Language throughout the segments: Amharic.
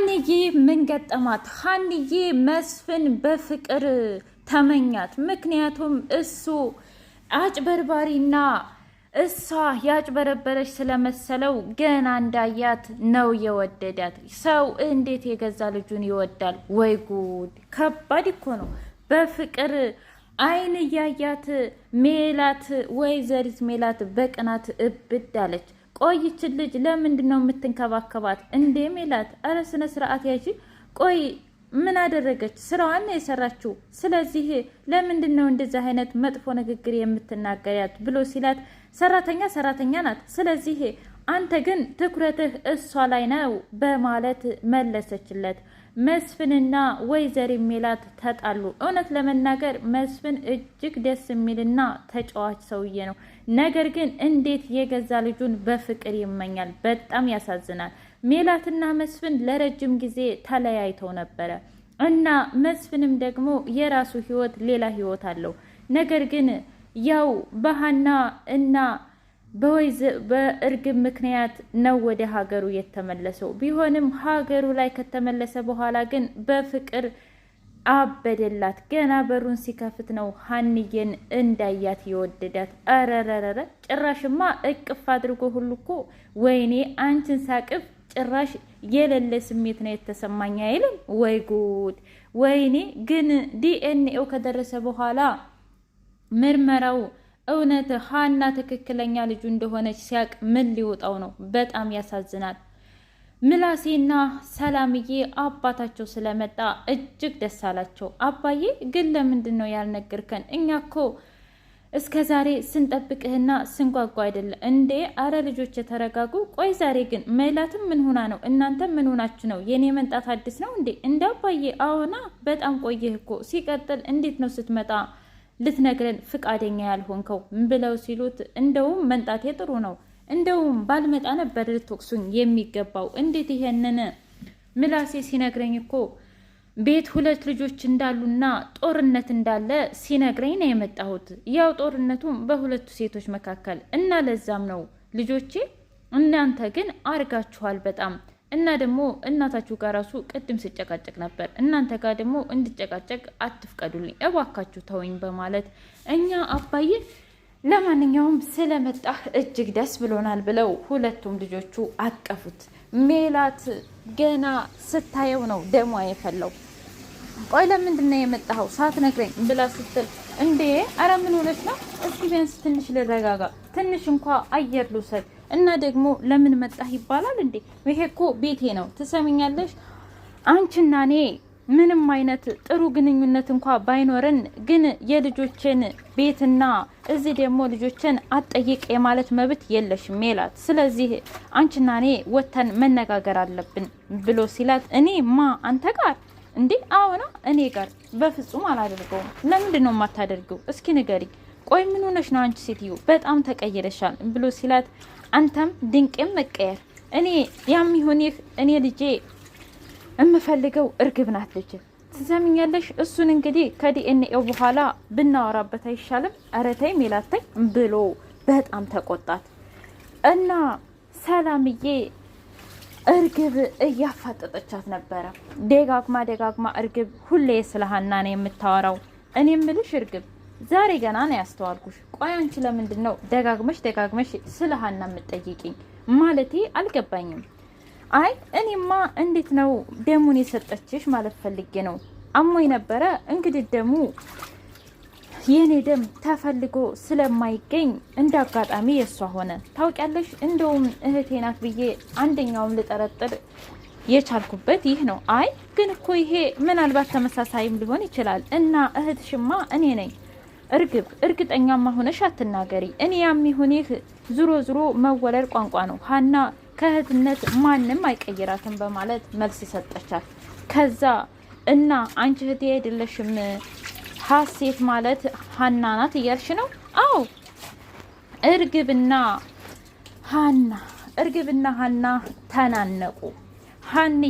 ሀንዬ ምን ገጠማት? ሀንዬ መስፍን በፍቅር ተመኛት። ምክንያቱም እሱ አጭበርባሪና እሷ ያጭበረበረች ስለመሰለው ገና እንዳያት ነው የወደዳት። ሰው እንዴት የገዛ ልጁን ይወዳል? ወይ ጉድ! ከባድ እኮ ነው። በፍቅር አይን እያያት ሜላት ወይዘሪት ሜላት በቅናት እብድ አለች። ቆይ ልጅ ለምንድን ነው የምትንከባከባት እንዴ? ሜላት አረ ስነ ስርዓት ያዥ። ቆይ ምን አደረገች? ስራዋን ነው የሰራችው። ስለዚህ ለምንድን ነው እንደዚህ አይነት መጥፎ ንግግር የምትናገሪያት ብሎ ሲላት ሰራተኛ ሰራተኛ ናት። ስለዚህ አንተ ግን ትኩረትህ እሷ ላይ ነው በማለት መለሰችለት። መስፍንና ወይዘሪ ሜላት ተጣሉ። እውነት ለመናገር መስፍን እጅግ ደስ የሚልና ተጫዋች ሰውዬ ነው። ነገር ግን እንዴት የገዛ ልጁን በፍቅር ይመኛል? በጣም ያሳዝናል። ሜላትና መስፍን ለረጅም ጊዜ ተለያይተው ነበረ እና መስፍንም ደግሞ የራሱ ህይወት ሌላ ህይወት አለው። ነገር ግን ያው በሀና እና በእርግብ ምክንያት ነው ወደ ሀገሩ የተመለሰው። ቢሆንም ሀገሩ ላይ ከተመለሰ በኋላ ግን በፍቅር አበደላት። ገና በሩን ሲከፍት ነው ሀንዬን እንዳያት የወደዳት። አረረረረ ጭራሽማ እቅፍ አድርጎ ሁሉ እኮ ወይኔ አንቺን ሳቅፍ ጭራሽ የሌለ ስሜት ነው የተሰማኝ አይልም ወይ ጉድ! ወይኔ ግን ዲኤንኤው ከደረሰ በኋላ ምርመራው እውነት ሀና ትክክለኛ ልጁ እንደሆነች ሲያቅ ምን ሊወጣው ነው? በጣም ያሳዝናል። ምላሴና ሰላምዬ አባታቸው ስለመጣ እጅግ ደስ አላቸው። አባዬ ግን ለምንድን ነው ያልነገርከን? እኛ እኮ እስከ ዛሬ ስንጠብቅህና ስንጓጓ አይደለም እንዴ? አረ ልጆች የተረጋጉ። ቆይ ዛሬ ግን መላትም ምን ሆና ነው? እናንተ ምን ሆናችሁ ነው? የኔ መንጣት አዲስ ነው እንዴ? እንደ አባዬ አዎና፣ በጣም ቆየህ እኮ። ሲቀጥል እንዴት ነው ስትመጣ ልትነግረን ፍቃደኛ ያልሆንከው ብለው ሲሉት እንደውም መንጣቴ ጥሩ ነው፣ እንደውም ባልመጣ ነበር ልትወቅሱኝ የሚገባው። እንዴት ይሄንን ምላሴ ሲነግረኝ እኮ ቤት ሁለት ልጆች እንዳሉና ጦርነት እንዳለ ሲነግረኝ ነው የመጣሁት። ያው ጦርነቱም በሁለቱ ሴቶች መካከል እና ለዛም ነው ልጆቼ እናንተ ግን አርጋችኋል በጣም እና ደግሞ እናታችሁ ጋር ራሱ ቅድም ስጨቃጨቅ ነበር። እናንተ ጋር ደግሞ እንድጨቃጨቅ አትፍቀዱልኝ እባካችሁ ተወኝ በማለት እኛ አባዬ ለማንኛውም ስለመጣህ እጅግ ደስ ብሎናል ብለው ሁለቱም ልጆቹ አቀፉት። ሜላት ገና ስታየው ነው ደሟ የፈለው። ቆይ ለምንድን ነው የመጣኸው ሳትነግረኝ ብላ ስትል እንዴ፣ ኧረ ምን ሆነች ነው? እስኪ ቢያንስ ትንሽ ልረጋጋ፣ ትንሽ እንኳ አየር ልውሰድ እና ደግሞ ለምን መጣህ ይባላል እንዴ? ይሄ እኮ ቤቴ ነው። ትሰሚኛለሽ? አንቺና እኔ ምንም አይነት ጥሩ ግንኙነት እንኳ ባይኖረን ግን የልጆችን ቤትና እዚህ ደግሞ ልጆችን አጠይቅ የማለት መብት የለሽ ሜላት። ስለዚህ አንቺና እኔ ወተን መነጋገር አለብን ብሎ ሲላት እኔ ማ አንተ ጋር እንዴ? አዎና እኔ ጋር በፍጹም አላደርገውም። ለምንድን ነው የማታደርገው? እስኪ ንገሪኝ ቆይ ምን ሆነሽ ነው አንቺ ሴትዮ በጣም ተቀይረሻል ብሎ ሲላት፣ አንተም ድንቅም መቀየር እኔ ያም ይሁን ይህ እኔ ልጄ የምፈልገው እርግብ ናት ልጅ ትሰምኛለሽ። እሱን እንግዲህ ከዲኤንኤው በኋላ ብናወራበት አይሻልም? ኧረ ተይ ሜላተኝ ብሎ በጣም ተቆጣት እና ሰላምዬ እርግብ እያፋጠጠቻት ነበረ። ደጋግማ ደጋግማ እርግብ ሁሌ ስለ ሀና ነው የምታወራው። እኔ ምልሽ እርግብ ዛሬ ገና ነው ያስተዋልኩሽ። ቆይ አንቺ ለምንድን ነው ደጋግመሽ ደጋግመሽ ስለ ሀና የምትጠይቂኝ? ማለቴ አልገባኝም። አይ እኔማ እንዴት ነው ደሙን የሰጠችሽ ማለት ፈልጌ ነው። አሞኝ ነበረ። እንግዲህ ደሙ የእኔ ደም ተፈልጎ ስለማይገኝ እንደ አጋጣሚ የእሷ ሆነ። ታውቂያለሽ፣ እንደውም እህቴ ናት ብዬ አንደኛውም ልጠረጥር የቻልኩበት ይህ ነው። አይ ግን እኮ ይሄ ምናልባት ተመሳሳይም ሊሆን ይችላል እና እህትሽማ እኔ ነኝ እርግብ እርግጠኛማ ሆነሽ አትናገሪ። እኔ ያም ይሁን ይህ ዝሮ ዝሮ መወለድ ቋንቋ ነው። ሀና ከእህትነት ማንም አይቀይራትም በማለት መልስ ሰጠቻት። ከዛ እና አንቺ እህቴ አይደለሽም ሀሴት ማለት ሀና ናት እያልሽ ነው? አዎ እርግብና ሀና እርግብና ሀና ተናነቁ። ሀንዬ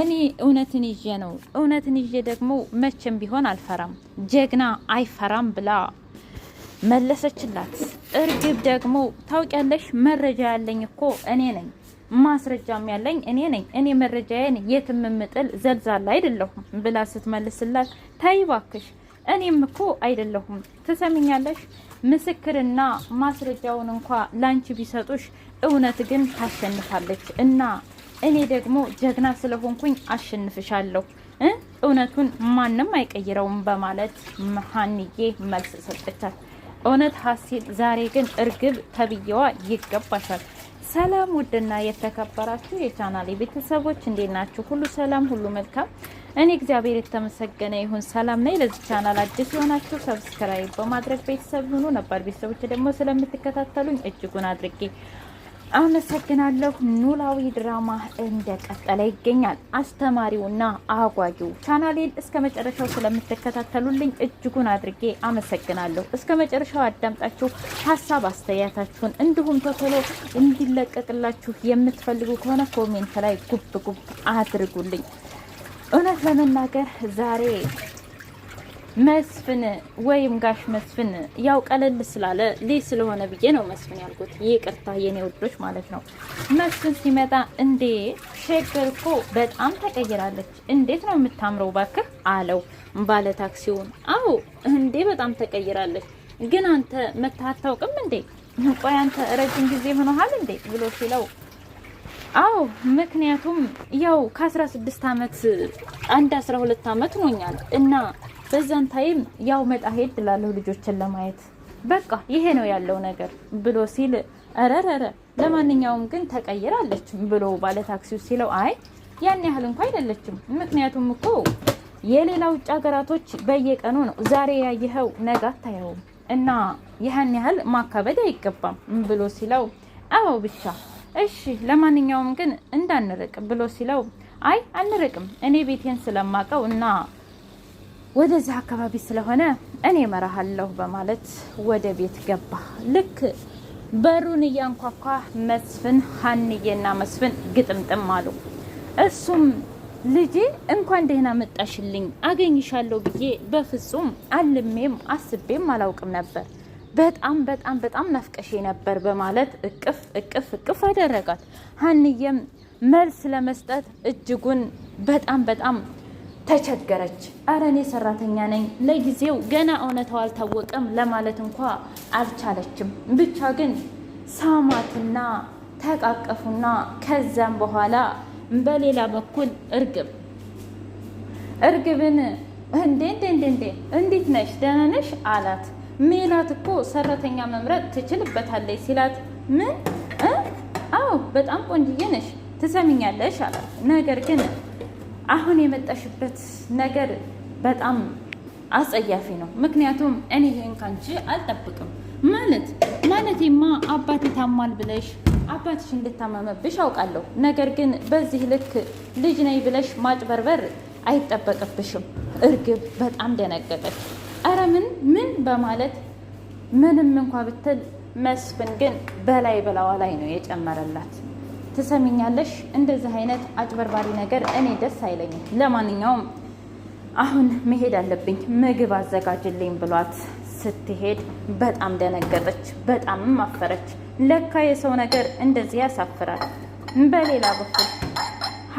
እኔ እውነትን ይዤ ነው። እውነትን ይዤ ደግሞ መቼም ቢሆን አልፈራም፣ ጀግና አይፈራም ብላ መለሰችላት። እርግብ ደግሞ ታውቂያለሽ፣ መረጃ ያለኝ እኮ እኔ ነኝ፣ ማስረጃም ያለኝ እኔ ነኝ። እኔ መረጃዬን የትም የምጥል ዘልዛላ አይደለሁም ብላ ስትመልስላት፣ ተይ እባክሽ፣ እኔም እኮ አይደለሁም ትሰምኛለሽ። ምስክርና ማስረጃውን እንኳ ላንቺ ቢሰጡሽ፣ እውነት ግን ታሸንፋለች እና እኔ ደግሞ ጀግና ስለሆንኩኝ አሸንፍሻለሁ፣ እውነቱን ማንም አይቀይረውም በማለት መሀንዬ መልስ ሰጥቻል። እውነት ሀሴት፣ ዛሬ ግን እርግብ ተብዬዋ ይገባሻል። ሰላም ውድና የተከበራችሁ የቻናሌ ቤተሰቦች እንዴት ናችሁ? ሁሉ ሰላም፣ ሁሉ መልካም። እኔ እግዚአብሔር የተመሰገነ ይሁን ሰላም ነኝ። ለዚህ ቻናል አዲስ የሆናችሁ ሰብስክራይብ በማድረግ ቤተሰብ ሁኑ። ነባር ቤተሰቦች ደግሞ ስለምትከታተሉኝ እጅጉን አድርጌ አመሰግናለሁ። ኖላዊ ድራማ እንደቀጠለ ይገኛል። አስተማሪውና አጓጊው ቻናሌን እስከ መጨረሻው ስለምትከታተሉልኝ እጅጉን አድርጌ አመሰግናለሁ። እስከ መጨረሻው አዳምጣችሁ ሀሳብ አስተያየታችሁን እንዲሁም ቶቶሎ እንዲለቀቅላችሁ የምትፈልጉ ከሆነ ኮሜንት ላይ ጉብ ጉብ አድርጉልኝ። እውነት ለመናገር ዛሬ መስፍን ወይም ጋሽ መስፍን ያው ቀለል ስላለ ልጅ ስለሆነ ብዬ ነው መስፍን ያልኩት። ይቅርታ የኔ ውዶች ማለት ነው። መስፍን ሲመጣ እንዴ ሸገር እኮ በጣም ተቀይራለች፣ እንዴት ነው የምታምረው ባክህ አለው ባለ ታክሲውን። አዎ እንዴ በጣም ተቀይራለች፣ ግን አንተ መተህ አታውቅም እንዴ? ቆይ አንተ ረጅም ጊዜ ሆኖሃል እንዴ ብሎ ሲለው አዎ ምክንያቱም ያው ከ16 አመት አንድ 12 ዓመት አመት ሆኛል እና በዛን ታይም ያው መጣ ሄድ እላለሁ ልጆችን ለማየት በቃ ይሄ ነው ያለው ነገር ብሎ ሲል ረረረ ለማንኛውም ግን ተቀይራለች ብሎ ባለ ሲለው አይ ያን ያህል እንኳ አይደለችም። ምክንያቱም እኮ የሌላ ውጭ ሀገራቶች በየቀኑ ነው ዛሬ ያየኸው ነገ አታየውም፣ እና ይህን ያህል ማካበድ አይገባም ብሎ ሲለው አዎ ብቻ እሺ፣ ለማንኛውም ግን እንዳንርቅ ብሎ ሲለው አይ አንርቅም፣ እኔ ቤቴን ስለማቀው እና ወደዚህ አካባቢ ስለሆነ እኔ መራሃለሁ በማለት ወደ ቤት ገባ። ልክ በሩን እያንኳኳ መስፍን ሀንዬና መስፍን ግጥምጥም አሉ። እሱም ልጄ እንኳን ደህና መጣሽልኝ፣ አገኝሻለሁ ብዬ በፍጹም አልሜም አስቤም አላውቅም ነበር። በጣም በጣም በጣም ናፍቀሼ ነበር በማለት እቅፍ እቅፍ እቅፍ አደረጋት። ሀንዬም መልስ ለመስጠት እጅጉን በጣም በጣም ተቸገረች። አረ እኔ ሰራተኛ ነኝ፣ ለጊዜው ገና እውነታው አልታወቀም ለማለት እንኳ አልቻለችም። ብቻ ግን ሳማትና ተቃቀፉና ከዛም በኋላ በሌላ በኩል እርግብ እርግብን እንዴ እንዴ እንዴ እንዴ እንዴት ነሽ ደህና ነሽ አላት። ሜላት እኮ ሰራተኛ መምረጥ ትችልበታለች ሲላት ምን አዎ በጣም ቆንጅዬ ነሽ ትሰሚኛለሽ አላት። ነገር ግን አሁን የመጣሽበት ነገር በጣም አጸያፊ ነው። ምክንያቱም እኔ ይሄን ካንቺ አልጠብቅም። ማለት ማለቴማ አባቴ ታሟል ብለሽ አባትሽ እንድታመመብሽ አውቃለሁ። ነገር ግን በዚህ ልክ ልጅ ነይ ብለሽ ማጭበርበር አይጠበቅብሽም። እርግብ በጣም ደነገጠች። ኧረ ምን ምን በማለት ምንም እንኳ ብትል መስፍን ግን በላይ በላዋ ላይ ነው የጨመረላት። ትሰሚኛለሽ፣ እንደዚህ አይነት አጭበርባሪ ነገር እኔ ደስ አይለኝም። ለማንኛውም አሁን መሄድ አለብኝ ምግብ አዘጋጅልኝ ብሏት ስትሄድ በጣም ደነገጠች፣ በጣምም አፈረች። ለካ የሰው ነገር እንደዚህ ያሳፍራል። በሌላ በኩል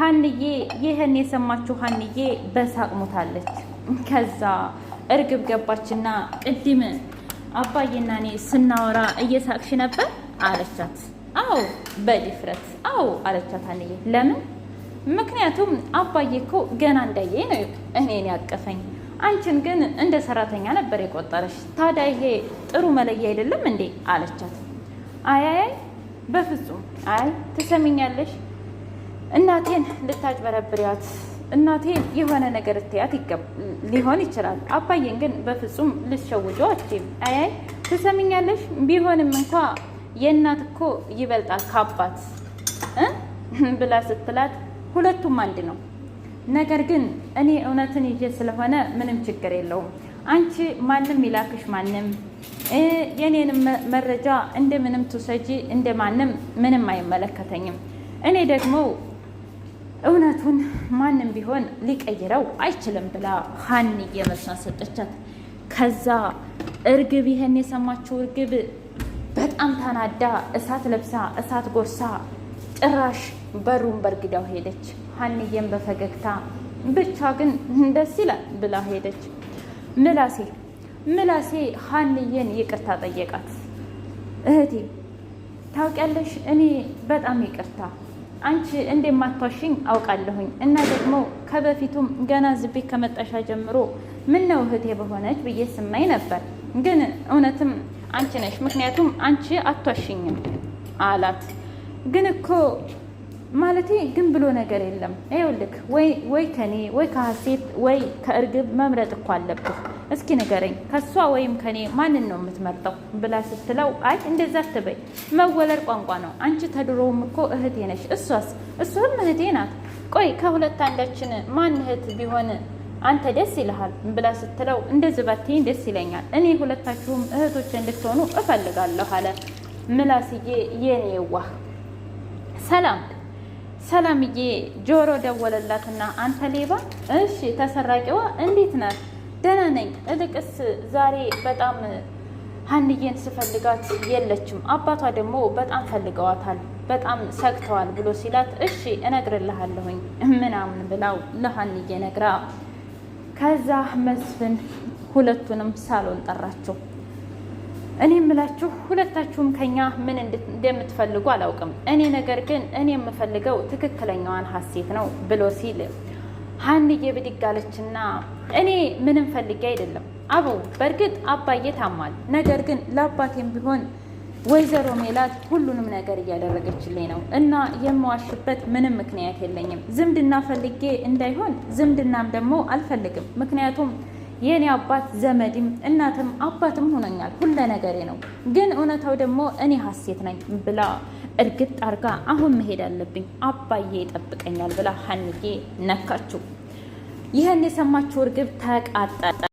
ሀንዬ ይህን የሰማችው ሀንዬ በሳቅ ሞታለች። ከዛ እርግብ ገባችና ቅድም አባዬና እኔ ስናወራ እየሳቅሽ ነበር አለቻት። አዎ በድፍረት አዎ አለቻት አንዬ። ለምን? ምክንያቱም አባዬ እኮ ገና እንዳየ ነው እኔን ያቀፈኝ። አንቺን ግን እንደ ሰራተኛ ነበር የቆጠረሽ። ታዲያ ይሄ ጥሩ መለያ አይደለም እንዴ? አለቻት። አያያይ በፍጹም አይ፣ ትሰሚኛለሽ፣ እናቴን ልታጭበረብሪያት እናቴ የሆነ ነገር እትያት ሊሆን ይችላል። አባዬን ግን በፍጹም ልትሸውጂው አትችይም። አያይ፣ ትሰሚኛለሽ ቢሆንም እንኳ የእናት እኮ ይበልጣል ከአባት ብላ ስትላት ሁለቱም አንድ ነው። ነገር ግን እኔ እውነትን ይዤ ስለሆነ ምንም ችግር የለውም። አንቺ ማንም ይላክሽ ማንም የኔንም መረጃ እንደ ምንም ትውሰጂ እንደ ማንም ምንም አይመለከተኝም። እኔ ደግሞ እውነቱን ማንም ቢሆን ሊቀይረው አይችልም ብላ ሀኒ የመልሷን ሰጠቻት። ከዛ እርግብ ይህን የሰማችው እርግብ በጣም ታናዳ እሳት ለብሳ እሳት ጎርሳ ጭራሽ በሩን በርግዳው ሄደች። ሀንዬም በፈገግታ ብቻ ግን ደስ ይላል ብላ ሄደች። ምላሴ ምላሴ ሀንዬን ይቅርታ ጠየቃት። እህቴ ታውቂያለሽ፣ እኔ በጣም ይቅርታ አንቺ እንደማትዋሽኝ አውቃለሁኝ እና ደግሞ ከበፊቱም ገና ዝቤ ከመጣሻ ጀምሮ ምን ነው እህቴ በሆነች ብዬ ስማኝ ነበር ግን እውነትም አንቺ ነሽ፣ ምክንያቱም አንቺ አቷሽኝም አላት። ግን እኮ ማለቴ ግን ብሎ ነገር የለም። ይኸውልህ ወይ ከኔ ወይ ከሀሴት ወይ ከእርግብ መምረጥ እኮ አለብህ። እስኪ ንገረኝ ከእሷ ወይም ከኔ ማንን ነው የምትመርጠው ብላ ስትለው፣ አይ እንደዛ አትበይ፣ መወለድ ቋንቋ ነው። አንቺ ተድሮውም እኮ እህቴ ነሽ፣ እሷስ እሷም እህቴ ናት። ቆይ ከሁለት አንዳችን ማን እህት ቢሆን አንተ ደስ ይልሃል ብላ ስትለው እንደዚህ ባትይኝ ደስ ይለኛል። እኔ ሁለታችሁም እህቶች እንድትሆኑ እፈልጋለሁ አለ ምላስዬ። የኔ ዋ ሰላም ሰላምዬ ጆሮ ደወለላትና አንተ ሌባ፣ እሺ ተሰራቂዋ እንዴት ናት? ደህና ነኝ። እልቅስ ዛሬ በጣም ሀንዬን ስፈልጋት የለችም። አባቷ ደግሞ በጣም ፈልገዋታል፣ በጣም ሰግተዋል ብሎ ሲላት እሺ እነግርልሃለሁኝ ምናምን ብላው ለሀንዬ ነግራ ከዛ መስፍን ሁለቱንም ሳሎን ጠራቸው። እኔ የምላችሁ ሁለታችሁም ከኛ ምን እንደምትፈልጉ አላውቅም። እኔ ነገር ግን እኔ የምፈልገው ትክክለኛዋን ሀሴት ነው ብሎ ሲል ሀንዬ ብድግ አለችና እኔ ምንም ፈልጌ አይደለም አቡ በእርግጥ አባዬ ታሟል። ነገር ግን ለአባቴም ቢሆን ወይዘሮ ሜላት ሁሉንም ነገር እያደረገችልኝ ነው እና የምዋሽበት ምንም ምክንያት የለኝም። ዝምድና ፈልጌ እንዳይሆን ዝምድናም ደግሞ አልፈልግም። ምክንያቱም የእኔ አባት ዘመድም እናትም አባትም ሆነኛል፣ ሁለ ነገሬ ነው። ግን እውነታው ደግሞ እኔ ሀሴት ነኝ ብላ እርግጥ አርጋ አሁን መሄድ አለብኝ አባዬ ይጠብቀኛል ብላ ሀንዬ ነካችው። ይህን የሰማችው እርግብ ተቃጠለ።